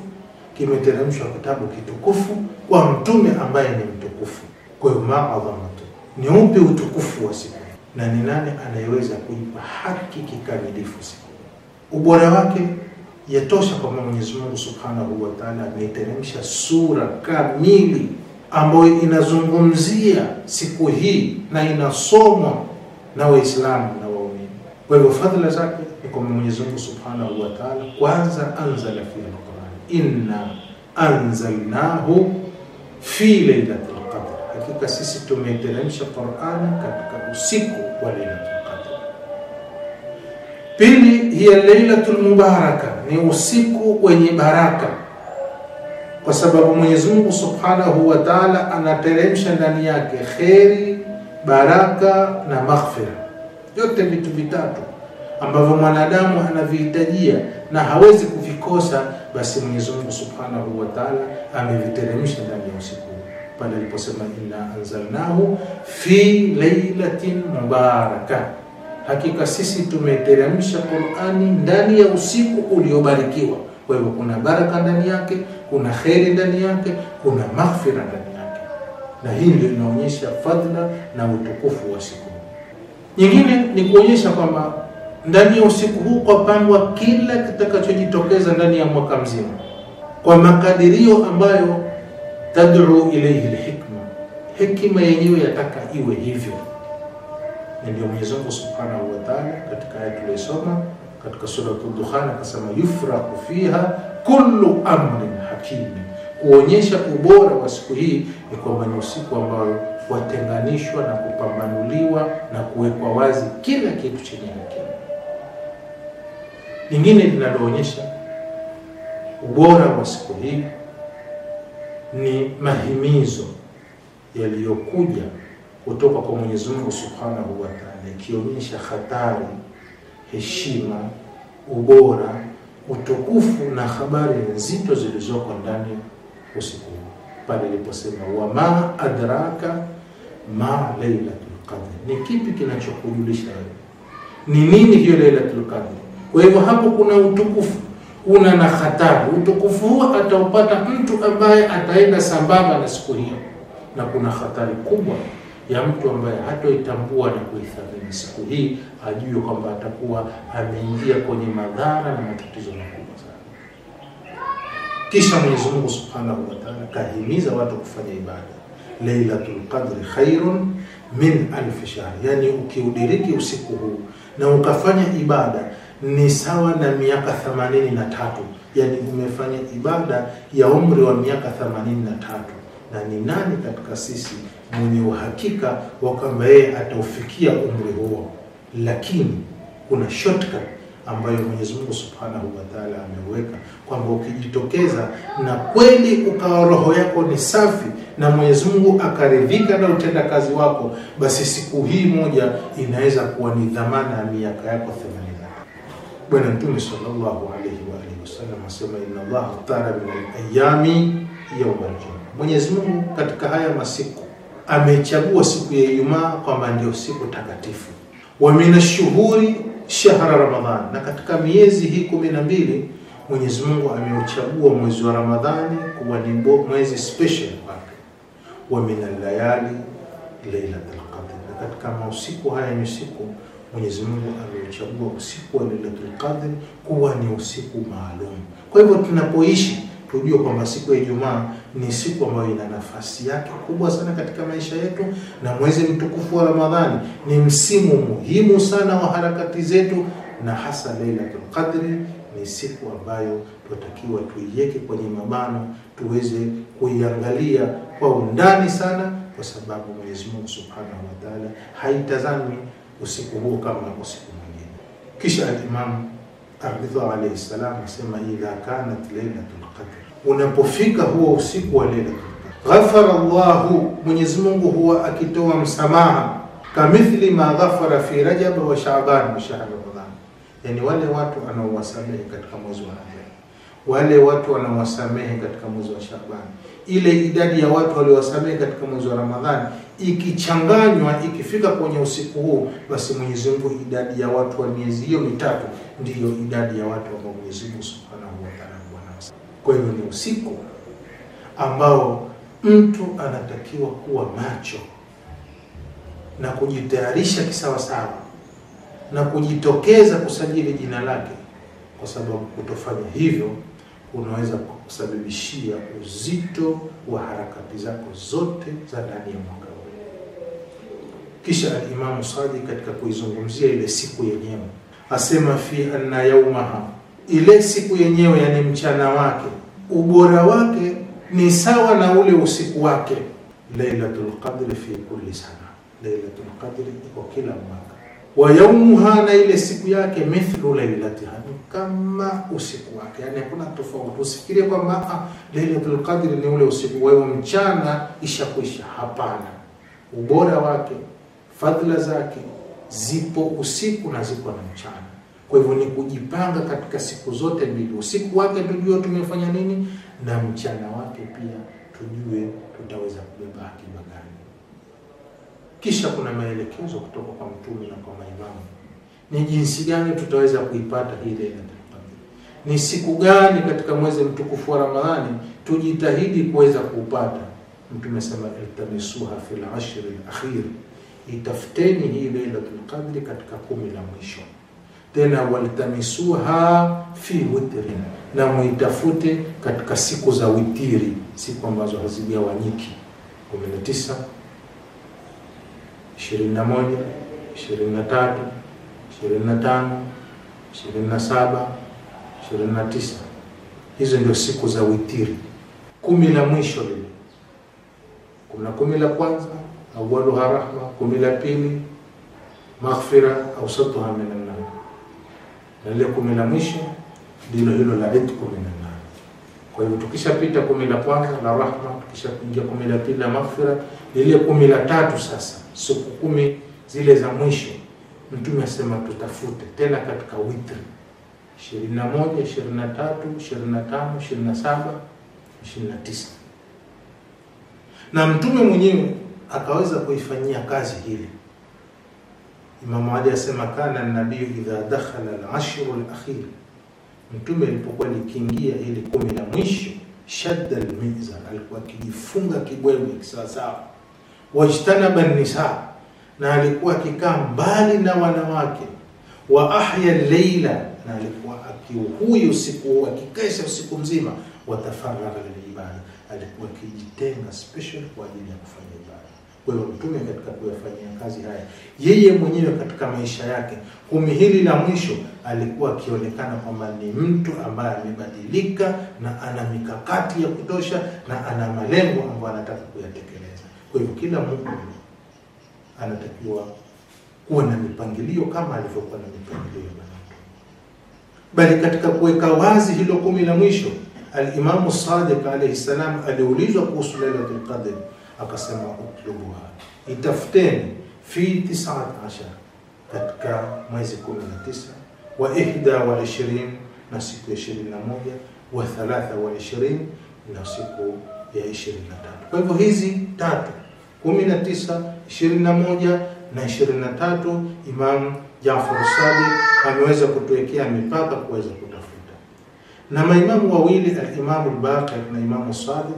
Speaker 4: kimeteremshwa kitabu kitukufu kwa mtume ambaye ni mtukufu. Kwa hiyo maadhamatu, ni upi utukufu wa siku na ni nani anayeweza kuipa haki kikamilifu siku? Ubora wake yatosha kwamba Mwenyezi Mungu Subhanahu wa Ta'ala ameiteremsha sura kamili ambayo inazungumzia siku hii na inasomwa na Waislamu kwa hivyo fadhila zake ni kwa Mwenyezi Mungu Subhanahu wa Ta'ala. Kwanza anzala fi al-Qur'an, inna anzalnahu fi lailatul qadr, hakika sisi tumeteremsha Qur'an katika usiku wa lailatul qadr. Pili, hiya lailatul mubaraka, ni usiku wenye baraka, kwa sababu Mwenyezi Mungu Subhanahu wa Ta'ala anateremsha ndani yake kheri, baraka na maghfirah. Vyote vitu vitatu ambavyo mwanadamu anavihitajia na hawezi kuvikosa, basi Mwenyezi Mungu Subhanahu wa Ta'ala ameviteremsha ndani ya usiku pale aliposema, inna anzalnahu fi lailatin mubaraka, hakika sisi tumeteremsha Qur'ani ndani ya usiku uliobarikiwa. Kwa hivyo kuna baraka ndani yake, kuna kheri ndani yake, kuna maghfira ndani yake, na hii ndio inaonyesha fadla na utukufu wa siku nyingine ni kuonyesha kwamba ndani ya usiku huu kwapangwa kila kitakachojitokeza ndani ya mwaka mzima kwa makadirio ambayo tadru ilayhi lhikma hikima yenyewe yataka iwe hivyo. Ndio Mwenyezi Mungu Subhanahu wa Ta'ala katika aya tuliyosoma katika sura Ad-Dukhan akasema yufrahu fiha kullu amrin hakim, kuonyesha ubora wa siku hii ni kwamba ni usiku ambao watenganishwa na kupambanuliwa na kuwekwa wazi kila kitu chenye hekima. Lingine linaloonyesha ubora wa siku hii ni mahimizo yaliyokuja kutoka kwa Mwenyezi Mungu Subhanahu wa Ta'ala, ikionyesha hatari, heshima, ubora, utukufu na habari nzito zilizoko ndani usiku pale iliposema, wama adraka ma Lailatul Qadr? Ni kipi kinachokujulisha wewe? Ni nini hiyo Lailatul Qadr? Kwa hivyo hapo kuna utukufu, kuna na hatari. Utukufu huo ataupata mtu ambaye ataenda sambamba na siku hiyo, na kuna hatari kubwa ya mtu ambaye hatoitambua na kuithamini siku hii, ajue kwamba atakuwa ameingia kwenye madhara na matatizo makubwa sana. Kisha Mwenyezi Mungu Subhanahu wa Ta'ala kahimiza watu kufanya ibada Lailatul Qadri khairun min alf shahr, yani ukiudiriki usiku huu na ukafanya ibada ni sawa na miaka 83, yani umefanya ibada ya umri wa miaka 83. Na ni nani katika sisi mwenye uhakika wa kwamba yeye ataufikia umri huo? Lakini kuna shortcut ambayo Mwenyezi Mungu Subhanahu wa Ta'ala ameweka kwamba ukijitokeza na kweli ukawa roho yako ni safi na Mwenyezi Mungu akaridhika na utendakazi wako, basi siku hii moja inaweza kuwa ni dhamana ya miaka yako 80. Bwana Mtume sallallahu alayhi wa alihi wasallam asema, inna Allah ta'ala min al-ayami yawmal jumu'a, Mwenyezi Mungu katika haya masiku amechagua siku ya Ijumaa kwamba ndio siku takatifu wa minashuhuri shahra Ramadhani, na katika miezi hii kumi na mbili Mwenyezi Mungu ameuchagua mwezi wa Ramadhani kuwa ni mwezi special wake, wa minalayali lailatul qadr. Na katika mausiku haya ni usiku Mwenyezi Mungu ameuchagua usiku wa lailatul qadr kuwa ni usiku maalum. Kwa hivyo tunapoishi tujue kwamba siku ya Ijumaa ni siku ambayo ina nafasi yake kubwa sana katika maisha yetu, na mwezi mtukufu wa Ramadhani ni msimu muhimu sana wa harakati zetu, na hasa Lailatul Qadri ni siku ambayo tunatakiwa tuiweke kwenye mabano, tuweze kuiangalia kwa undani sana, kwa sababu Mwenyezi Mungu Subhanahu wa Ta'ala haitazami usiku huo kama usiku mwingine. Kisha Imam Abdullah alayhi salam asema idha kanat lailatul unapofika huo usiku wa Laila ghafara Allahu, Mwenyezi Mungu huwa akitoa msamaha, kamithli ma ghafara fi Rajab wa Shaaban wa shahr ramadan yani wale watu anaowasamehe katika mwezi wa Rajab, wale watu anaowasamehe katika mwezi wa Shaaban, ile idadi ya watu waliowasamehe katika mwezi wa Ramadhani ikichanganywa ikifika kwenye usiku huu, basi Mwenyezi Mungu idadi ya watu wa miezi hiyo mitatu ndiyo idadi ya watu ambao Mwenyezi Mungu subhanahu kwa hiyo ni usiku ambao mtu anatakiwa kuwa macho na kujitayarisha kisawasawa na kujitokeza kusajili jina lake, kwa sababu kutofanya hivyo unaweza kusababishia uzito wa harakati zako zote za ndani ya mwaka huu. Kisha Alimamu Sadi katika kuizungumzia ile siku yenyewe asema fi anna yaumaha ile siku yenyewe, yani mchana wake, ubora wake ni sawa na ule usiku wake. Lailatul Qadri fi kulli sana, Lailatul Qadri iko kila mwaka.
Speaker 5: Wa yaumuha, na
Speaker 4: ile siku yake, mithlu lailatiha, kama usiku wake, yani hakuna tofauti. Usifikirie kwamba ah, Lailatul Qadri ni ule usiku wewe mchana ishakwisha. Hapana, ubora wake, fadhila zake zipo usiku na zipo na mchana. Kwa hivyo ni kujipanga katika siku zote mbili, usiku wake tujue tumefanya nini na mchana wake pia tujue tutaweza kubeba akiba gani. Kisha kuna maelekezo kutoka kwa mtume na kwa maimamu ni jinsi gani tutaweza kuipata hii ni siku gani katika mwezi mtukufu wa Ramadhani tujitahidi kuweza kuupata. Mtume sema iltamisuha fil ashri al akhir, itafuteni hii Lailatul Qadr katika kumi la mwisho tena waltamisuha fi witrin, na muitafute katika siku za witiri, siku ambazo hazigawanyiki 19 21 23 25 27 29. Hizo ndio siku za witiri, kumi la mwisho lile. Kuna kumi la kwanza awaluha rahma, kumi la pili maghfira, au ausatuha minan na ile kumi la mwisho ndilo hilo la itqu minan nar. Kwa hivyo tukishapita kumi la kwanza la rahma, tukishaingia kumi la pili la maghfira, lile kumi la tatu sasa, siku kumi zile za mwisho, Mtume asema tutafute tena katika witri 21, 23, 25, 27, 29 na Mtume mwenyewe akaweza kuifanyia kazi hili. Imamu Ali asema kana nabiyu idha dakhala al-ashru al-akhir, mtume alipokuwa likiingia ili kumi la mwisho, shadda al-mizan, alikuwa akijifunga kibwebwe kisawasawa, wajtanaba nisa, na alikuwa akikaa mbali na wanawake, wa ahya leila, na alikuwa akiuhuyi usiku, akikesha usiku mzima, watafaraga lilibada, alikuwa akijitenga special kwa ajili ya kufanya wewe mtume katika kuyafanyia kazi haya. Yeye mwenyewe katika maisha yake, kumi hili la mwisho alikuwa akionekana kwamba ni mtu ambaye amebadilika na ana mikakati ya kutosha na ana malengo ambayo anataka kuyatekeleza. Kwa hivyo kila mtu anatakiwa kuwa na mipangilio kama alivyokuwa na mipangilio ya Bali katika kuweka wazi hilo kumi la mwisho, Alimamu Sadiq alayhi salam aliulizwa kuhusu Lailatul Qadr akasema utlubuha, itafuteni fi tisat ashar, katika mwezi kumi na tisa wa ihda wa ishirin na siku ya ishirini na moja wa thalatha wa ishirin na siku ya ishirini na tatu. Kwa hivyo hizi tatu kumi na tisa ishirini na moja na ishirini na tatu imamu Jafar Sadiq ameweza kutuwekea mipaka kuweza kutafuta, na maimamu wawili alimamu Baqir na imamu Sadiq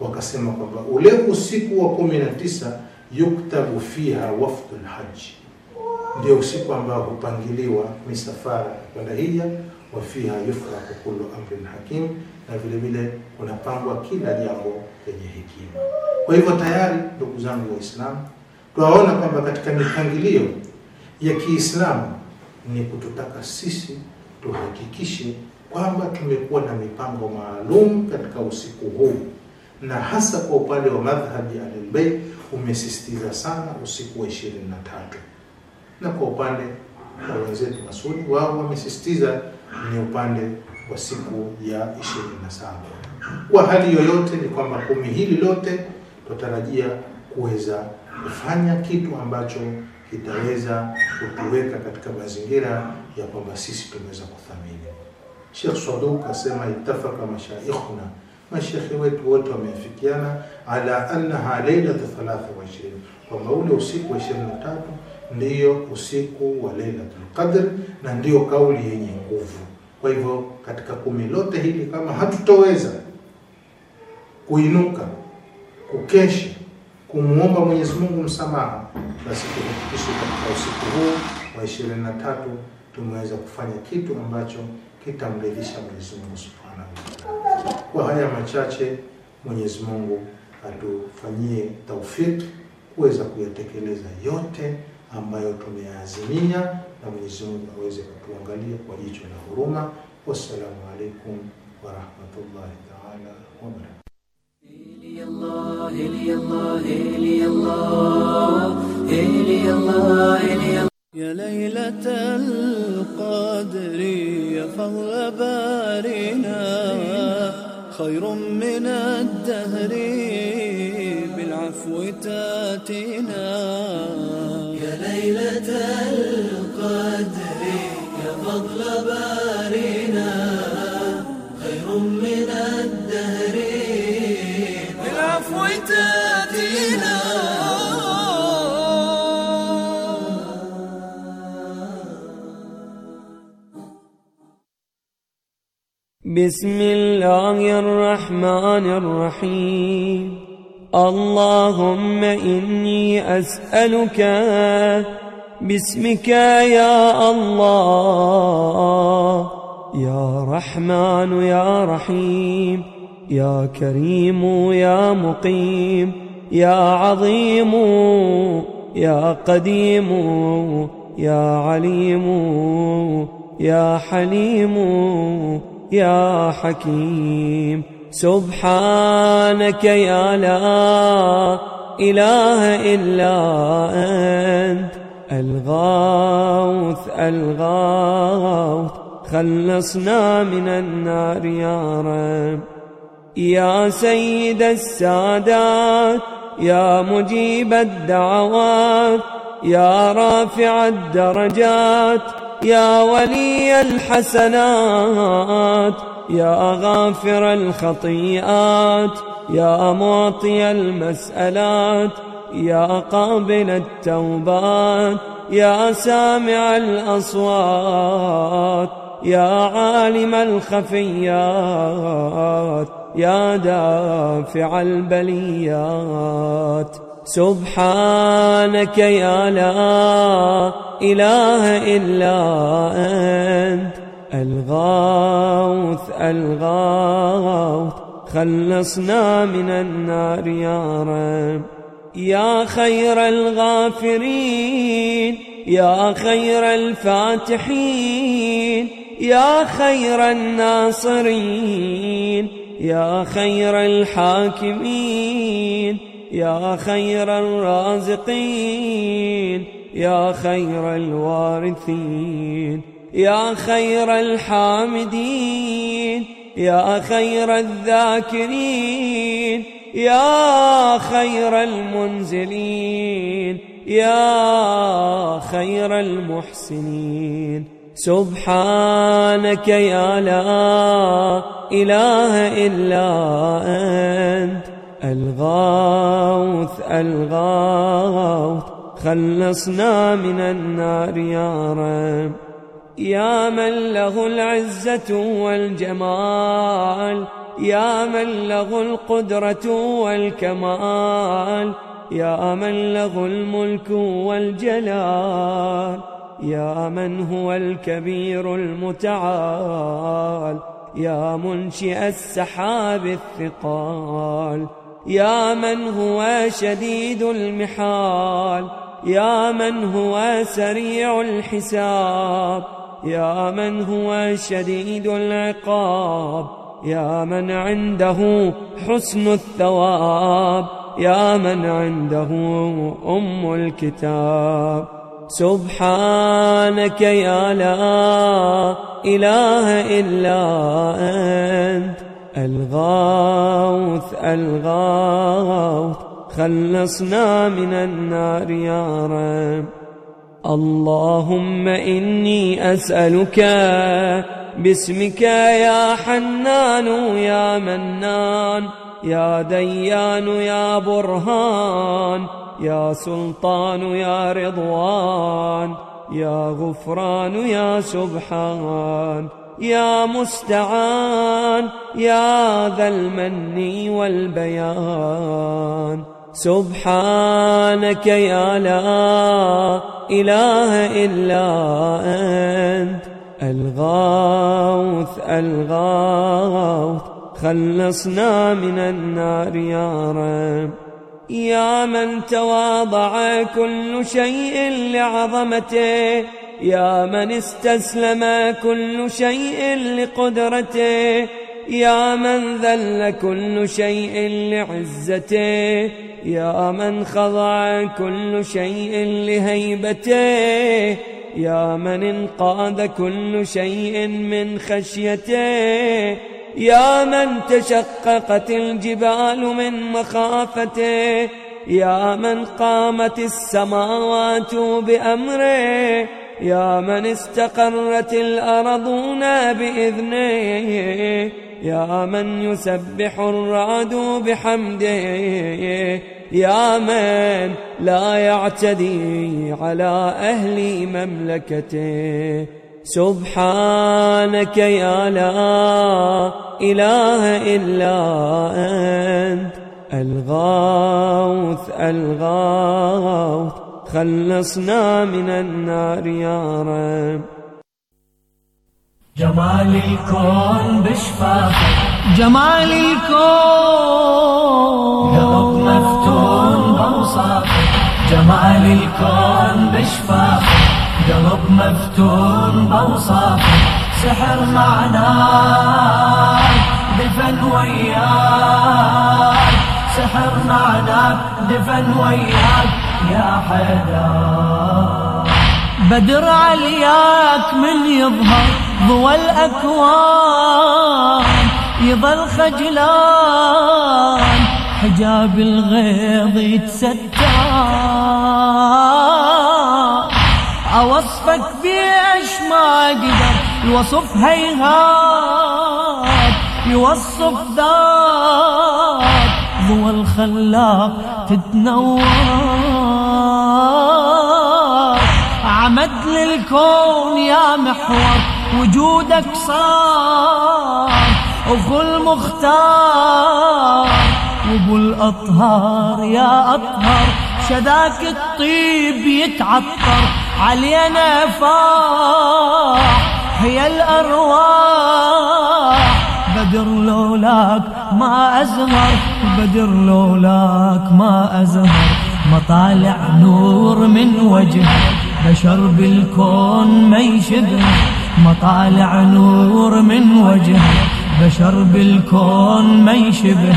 Speaker 4: wakasema kwamba ule usiku wa kumi na tisa yuktabu fiha wafdu lhaji, ndio usiku ambao hupangiliwa misafara kwenda hija, wa fiha yufraku kullu amrin hakim, na vile vile kunapangwa kila jambo
Speaker 5: lenye hekima.
Speaker 4: Kwa hivyo tayari, ndugu zangu Waislamu, twaona kwamba katika mipangilio ya Kiislamu ni kututaka sisi tuhakikishe kwamba tumekuwa na mipango maalum katika usiku huu na hasa kwa upande wa madhhabi ya Ahlulbayt umesisitiza sana usiku wa ishirini na tatu na kwa upande wa wenzetu Masuni wao wamesisitiza ni upande wa siku ya ishirini na saba. Kwa hali yoyote ni kwamba kumi hili lote tutarajia kuweza kufanya kitu ambacho kitaweza kutuweka katika mazingira ya kwamba sisi tumeweza kuthamini. Sheikh Saduq asema itafaka mashaikhuna Mashekhe wetu wote wameafikiana ala annaha lailatu 23 kwamba ule usiku wa tatu ndiyo usiku wa Lailatul Qadr na ndiyo kauli yenye nguvu. Kwa hivyo katika kumi lote hili, kama hatutoweza kuinuka kukesha kumwomba Mwenyezi Mungu msamaha, basi tuhakikishe katika usiku huu wa na tatu tumeweza kufanya kitu ambacho kitamridhisha Mwenyezi Mungu Subhanahu wa Ta'ala. Kwa haya machache, Mwenyezi Mungu atufanyie taufiki kuweza kuyatekeleza yote ambayo tumeyaazimia, na Mwenyezi Mungu aweze kutuangalia kwa jicho la huruma. Wassalamu alaikum warahmatullahi taala wabarakatuh.
Speaker 6: يا ليلة القدر يا فضل بارنا خير من الدهر بالعفو تاتينا يا ليلة القدر يا فضل بارنا خير من الدهر
Speaker 7: بسم الله الرحمن الرحيم اللهم إني أسألك باسمك يا الله يا رحمن يا رحيم يا كريم يا مقيم يا عظيم يا قديم يا عليم يا حليم يا حكيم سبحانك يا لا إله إلا أنت الغوث الغوث خلصنا من النار يا رب يا سيد السادات يا مجيب الدعوات يا رافع الدرجات يا ولي الحسنات يا غافر الخطيئات يا معطي المسألات يا قابل التوبات يا سامع الأصوات يا عالم الخفيات يا دافع البليات سبحانك يا لا إله إلا أنت الغوث الغوث خلصنا من النار يا رب يا خير الغافرين يا خير الفاتحين يا خير الناصرين يا خير الحاكمين يا خير الرازقين يا خير الوارثين يا خير الحامدين يا خير الذاكرين يا خير المنزلين يا خير المحسنين سبحانك يا لا إله إلا أنت الغوث الغوث خلصنا من النار يا رب يا من له العزة والجمال يا من له القدرة والكمال يا من له الملك والجلال يا من هو الكبير المتعال يا منشئ السحاب الثقال يا من هو شديد المحال يا من هو سريع الحساب يا من هو شديد العقاب يا من عنده حسن الثواب يا من عنده أم الكتاب سبحانك يا لا إله إلا أنت الغاوث الغاوث خلصنا من النار يا رب اللهم إني أسألك باسمك يا حنان يا منان يا ديان يا برهان يا سلطان يا رضوان يا غفران يا سبحان يا مستعان يا ذا المن والبيان سبحانك يا لا إله إلا أنت الغوث الغوث خلصنا من النار يا رب يا من تواضع كل شيء لعظمته يا من استسلم كل شيء لقدرته يا من ذل كل شيء لعزته يا من خضع كل شيء لهيبته يا من انقاد كل شيء من خشيته يا من تشققت الجبال من مخافته يا من قامت السماوات بأمره يا من استقرت الأرضون بإذنه يا من يسبح الرعد بحمده يا من لا يعتدي على أهل مملكته سبحانك يا لا إله إلا أنت الغاوث الغاوث خلصنا من النار يا رب
Speaker 6: جمال الكون بشفافه جمال الكون يا رب مفتون بوصاك جمال الكون بشفافه قلب مفتون بوصاك سحر معناه دفن وياك سحر معناه دفن وياك يا حدا بدر علياك من يظهر ضوى
Speaker 5: الأكوان
Speaker 6: يظل خجلان حجاب الغيظ يتستر أوصفك بيش ما أقدر الوصف هيهات يوصف ذات هو الخلاق تتنور عمد للكون يا محور وجودك صار أخو المختار وابو الأطهار يا أطهر شذاك الطيب يتعطر علينا فاح هي الأرواح بدر لولاك ما أزهر بدر لولاك ما أزهر مطالع نور من وجهك بشر بالكون ما يشبه مطالع نور من وجهك بشر بالكون ما يشبه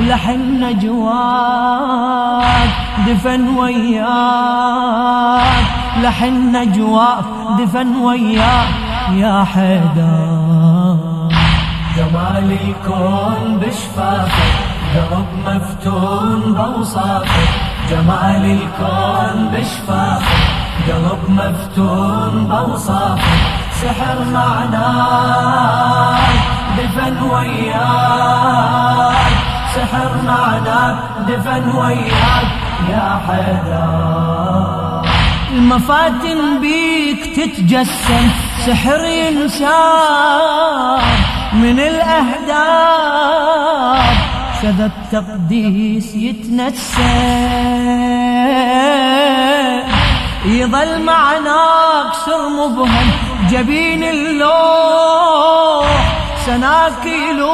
Speaker 6: لحن نجواك دفن وياك لحن نجواك دفن وياك يا حيدر جمالي الكون بشفافه قلب مفتون بوصافك جمالي الكون بشفافه قلب مفتون بوصافك سحر معناه دفن وياك سحر معناه دفن وياك يا حدا المفاتن بيك تتجسم سحر ينساك من الأهداب شذا التقديس يتنسى يظل معناك سر مبهم جبين اللوح سناكله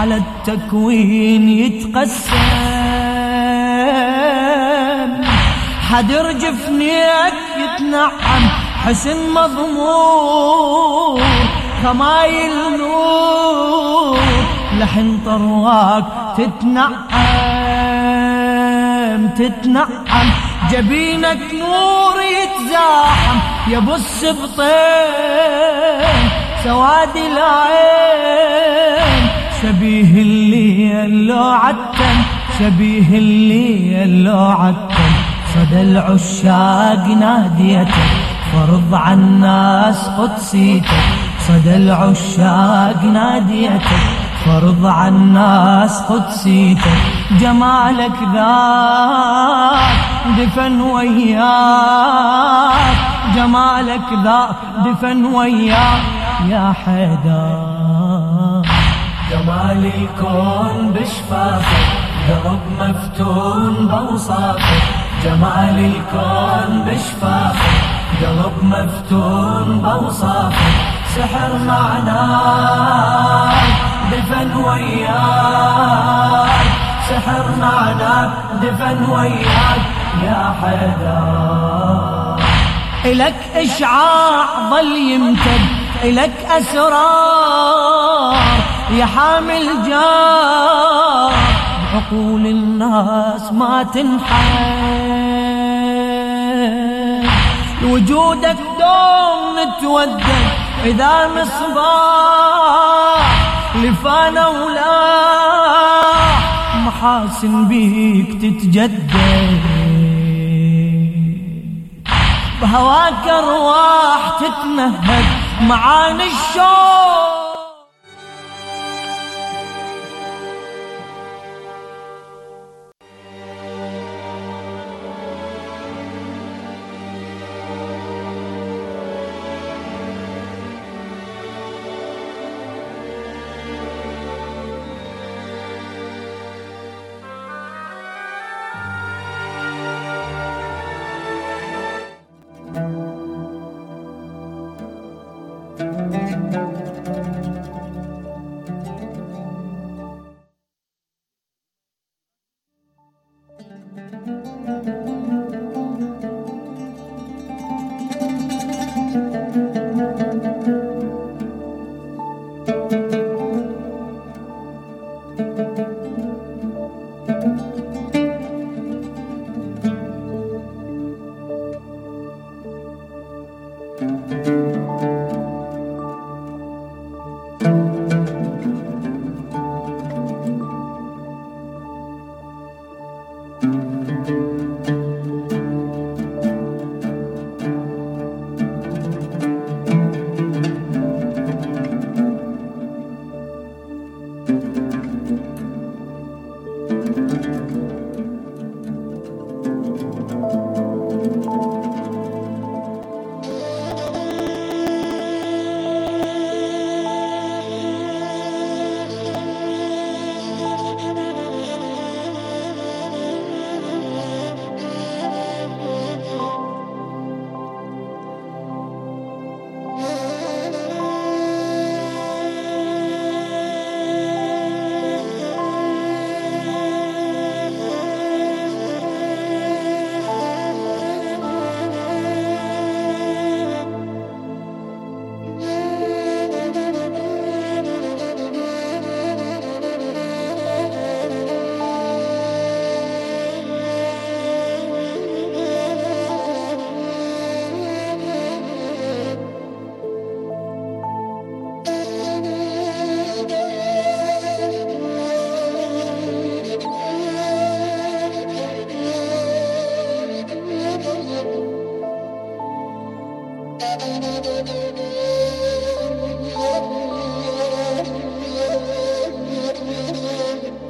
Speaker 6: على التكوين يتقسم حدر جفنيك يتنعم حسن مضمون كمايل نور لحن طرواك تتنعم تتنعم جبينك نور يتزاحم ابو السبطين سواد العين شبيه الليل لو عتم شبيه الليل لو عتم صدى العشاق ناديتك فرض عن قدسيتك صدى العشاق ناديتك فرض على الناس قدسيتك جمالك ذاك دفن وياك جمالك ذاك دفن وياك يا حيدر جمال الكون بشفافك درب مفتون بوصافك جمال الكون
Speaker 5: بشفافك قلب مفتون بوصافك
Speaker 6: السحر معنا دفن وياك سحر معنا دفن وياك يا حدا إلك إشعاع ظل يمتد إلك أسرار يا حامل جار عقول الناس ما تنحل وجودك دوم نتودد إذا مصباح لفانا ولا محاسن بيك تتجدد بهواك ارواح تتنهد معاني
Speaker 2: الشوق